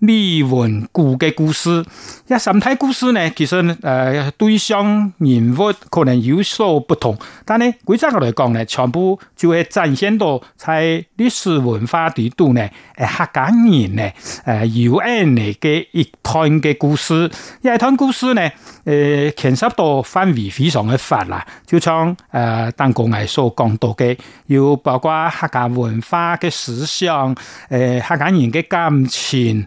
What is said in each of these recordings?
李文古嘅故事，一心態故事呢？其實誒、呃，對象人物可能有所不同，但呢，規則嚟講呢，全部就會展現到喺歷史文化度呢，誒、呃、客家人呢，誒有愛嚟嘅一團嘅故事，一團故事呢，誒牽涉到範圍非常嘅泛啦，就像誒、呃，當個藝所講到嘅，有包括客家文化嘅思想，誒、呃、客家人嘅感情。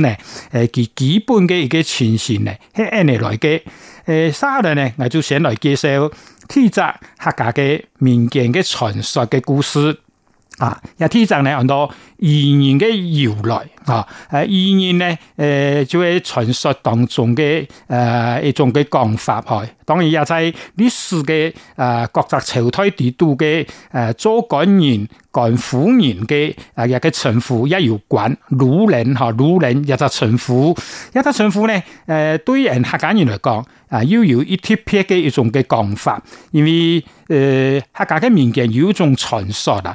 呢，誒其基本的一個情形呢，喺呢來嘅，誒三日呢，我就先來介紹天澤客家的民間的傳說的故事。啊！又聽盡咧很多孺人嘅由來啊！誒孺人咧誒，就係傳說當中嘅誒、呃、一種嘅講法。去當然也就係歷史嘅誒各則朝代地度嘅誒做官人、幹腐嘅誒嘅稱呼一,一要管孺人，孺人亦就稱呼。一隻稱呼呢，誒、呃，對於人客家人嚟講啊，要有一啲片嘅一種嘅講法，因為、呃、客家嘅民間有一種傳說啦。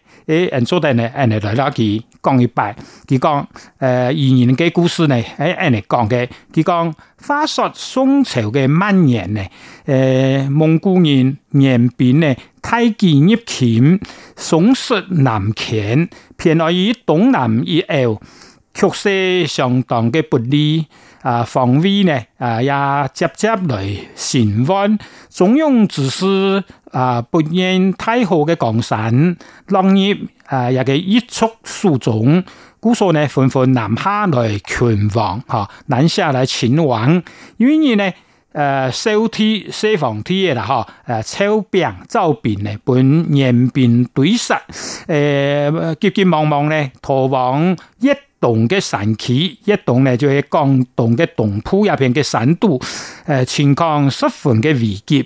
誒，人做定咧，誒你嚟到佢講一擺，佢講誒語言嘅故事咧，誒誒嚟講嘅，佢講，發説宋朝嘅晚年咧，誒蒙古人入邊咧，太極入侵，宋室南遷，偏愛於東南以澳，局勢相當嘅不利，啊防衛呢，啊也漸漸嚟彌彌，中庸之師。啊！撥引、呃、太后的江山，農業啊、呃，也給一觸數種，故所呢，紛紛南下來勤王，哈，南下來勤王，因為呢，誒、呃，收體收防體嘅啦，哈，誒，抽兵召兵呢，本嚴兵對殺，呃，急急忙忙呢，逃往一棟的山區，一棟呢就係廣東的東鋪入邊的山都，呃，情況十分的危急。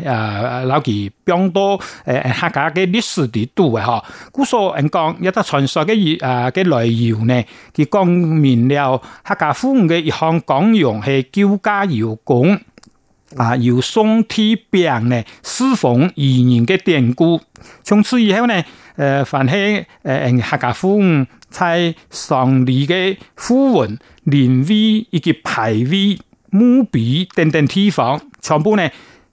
誒、呃，老奇講多誒客家嘅歷史地度啊！吓，古所講一個傳說嘅啊嘅內容呢，佢講明了客家婦嘅一項功用係糾家謠講，啊，由宋帝昺呢，賜封孺人嘅典、啊、故。從此以後呢，誒、呃，凡係誒客家婦在喪禮嘅訃文、靈位以及牌位、墓碑等等地方，全部呢。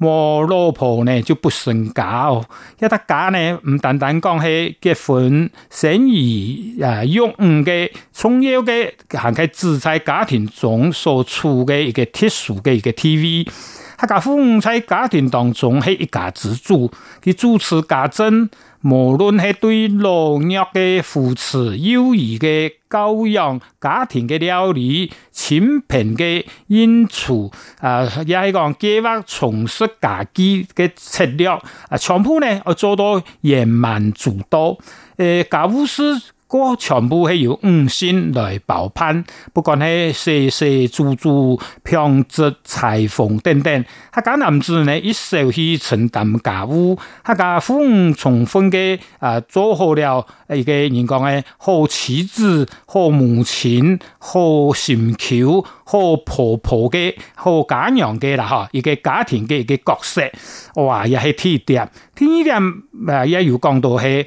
冇老婆呢就不算家。哦，要他家呢唔單單講係結婚、這個、生兒、啊育女，仲有嘅，係佢資產家庭中所處嘅一個特殊嘅一個地位。啊、家父在家庭當中係一家之主，佢主持家政，無論係對老弱嘅扶持、幼兒嘅教養、家庭嘅料理、清貧嘅衣櫥，啊、呃，亦係講計劃從事家己嘅策略。啊，全部呢要做到圓滿主導。誒、呃，家務事。全部係由五仙來包辦，不管係舍舍、做做、平足、裁縫等等，阿簡男子呢一手去承擔家務，阿家父母充分嘅，啊，做好了一個人講嘅好妻子、好母親、好心臼、好婆婆嘅、好家娘嘅啦，吓，一個家庭嘅一個角色，哇，亦係天點，天點，啊，也有咁多係。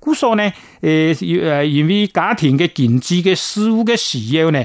故說呢，誒，因為家庭嘅經濟嘅事務嘅需要呢。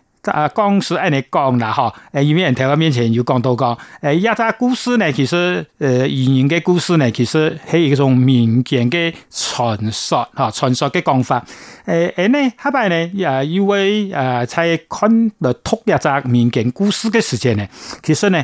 啊，講是喺你講啦，吓，誒，因為人喺我面前有講多講，誒，一隻故事呢，其實，誒、呃，語言嘅故事呢，其實係一種民間嘅傳說，吓，傳說嘅講法，誒、呃，誒呢，後擺呢，也因為誒，喺、啊、看度讀一隻民間故事嘅時間呢，其實呢。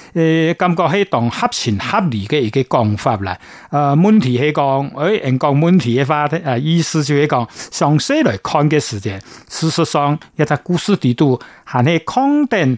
誒，感覺係當合情合理嘅一個講法啦。誒，問題係講，誒，人講問題嘅話，誒，意思就係講，從史來看嘅事件，事實上一隻故事地圖，係喺空定。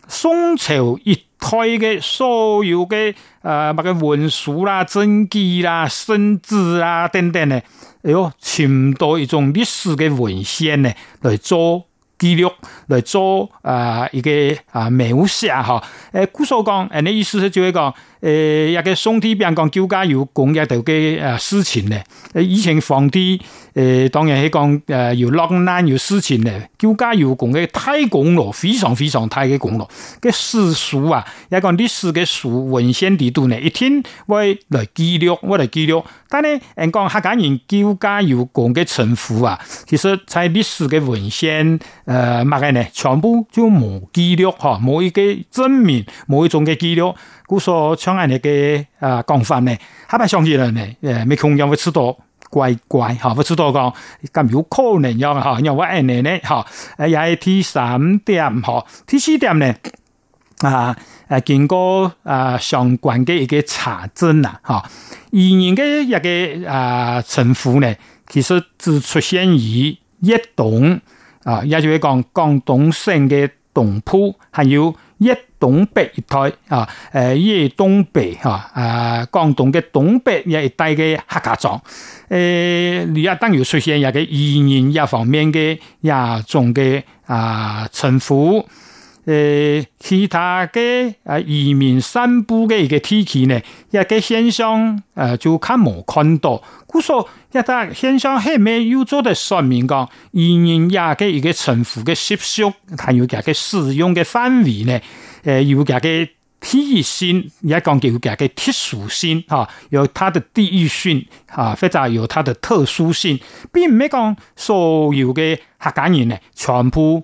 宋朝一胎嘅所有嘅，誒、呃，乜嘅文書啦、啊、政績啦、啊、生子啦、啊、等等咧，誒喲，尋到一種歷史嘅文獻咧，嚟做記錄，嚟做啊、呃、一個啊描寫吓，誒，顧所講，誒、呃，你意思是就係講。誒，一個宋朝俾人講客家有功嘅一個呃誒事情呢，以前皇帝誒當然係講誒有落難有事情呢，客家有功嘅太公咯，非常非常太嘅公咯，嘅史書啊，一個歷史嘅書文獻度呢，一天我嚟記錄，我嚟記錄，但呢，人講客家人客家有功嘅稱呼啊，其實喺歷史嘅文獻呃，乜個呢，全部就冇記錄吓，冇一個證明，冇一種嘅記錄，故、哦、所。講嘅個啊講法呢，哈白相信啦呢。誒，咪恐驚會知道，怪怪吓，會知道講，咁有可能樣吓，因為我誒你咧吓，也係第三點吓，第四點呢，啊，啊，經過啊相關的一個查證啦，吓，以前嘅一個啊稱呼呢，其實只出現於粵東，啊，也就會講廣東省的東部，還有。一東北一帶啊，誒一東北啊，誒廣東嘅東北一帶嘅客家莊，你、呃、啊，等於出現一個孺人一方面嘅一種嘅啊稱呼。誒、呃，其他嘅啊移民散布嘅一個天氣呢，一個現象，誒、呃、就較冇看到。故所一個現象係咪又做得說明講，移民呀嘅一個稱呼嘅習俗，還有佢嘅使用嘅範圍呢？誒、呃，有佢嘅地域性，也講叫佢嘅特殊性，吓、啊，有它的地域性，吓，或者有它的特殊性，並唔係講所有嘅客家人呢，全部。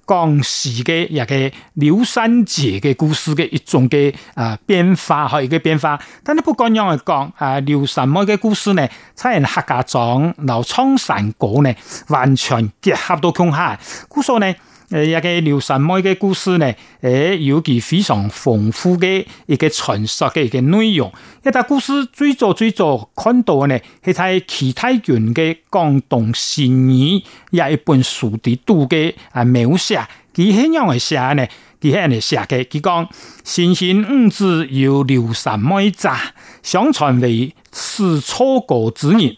講廣西嘅一個劉三姐嘅故事嘅一種嘅啊變化，呃、一嘅變化，但係不管樣嚟講啊，劉三妹嘅故事呢？出現客家莊，鬧蒼山歌呢，完全結合到瓊下。故所呢。誒，呢個劉三妹的故事呢？誒，有其非常豐富嘅一個傳說嘅一個內容。呢、這個故事最早最早看到嘅呢，係台齊泰元嘅《廣東新語》也一本書裏讀嘅啊描寫。佢係樣嘅寫呢？佢係呢寫嘅，佢講：，神仙五、嗯、子有劉三妹一相傳為始初過之人。